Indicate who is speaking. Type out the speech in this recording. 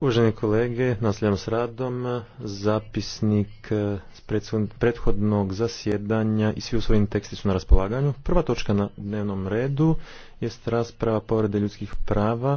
Speaker 1: Uvaženi kolege, nastavljam s radom. Zapisnik eh, s prethodnog zasjedanja i svi svojim teksti su na raspolaganju. Prva točka na dnevnom redu jest rasprava povrede ljudskih prava